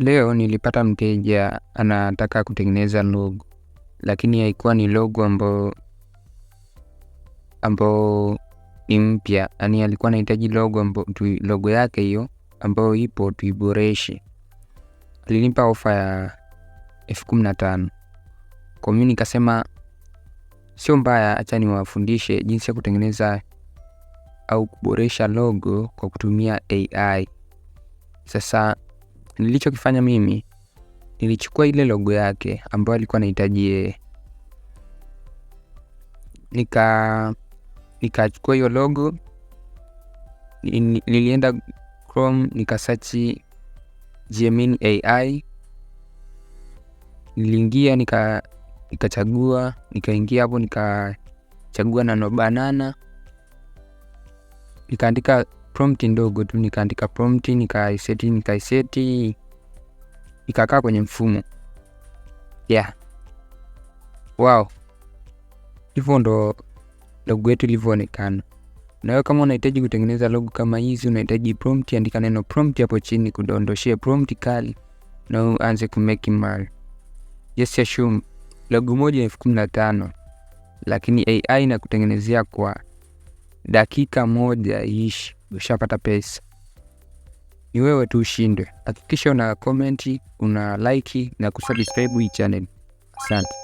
Leo nilipata mteja anataka kutengeneza logo, lakini haikuwa ni logo ambao ambao ni mpya. Yani alikuwa anahitaji logo ambao logo yake hiyo ambayo ipo tuiboreshe. Alinipa ofa ya elfu kumi na tano. Kwa mimi nikasema sio mbaya, acha niwafundishe jinsi ya kutengeneza au kuboresha logo kwa kutumia AI. Sasa nilichokifanya mimi nilichukua ile logo yake ambayo alikuwa anahitaji yeye, nika nikachukua hiyo logo, nilienda Chrome nikasachi gmin AI, niliingia nika nikachagua nikaingia hapo nikachagua nano banana nikaandika prompt ndogo tu, nikaandika prompt, nikaiseti nikaiseti ikakaa kwenye mfumo yeah. Wow, hivyo ndo logo yetu ilivyoonekana. Na wewe kama unahitaji kutengeneza logo kama hizi, unahitaji prompt, andika neno prompt hapo chini, kudondoshia prompt kali na uanze kumeki mal. Just assume logo moja elfu kumi na tano lakini AI inakutengenezea kwa dakika moja ishi ushapata pesa, ni wewe tu ushindwe. Hakikisha una komenti, una liki na kusubscribe hii channel. Asante.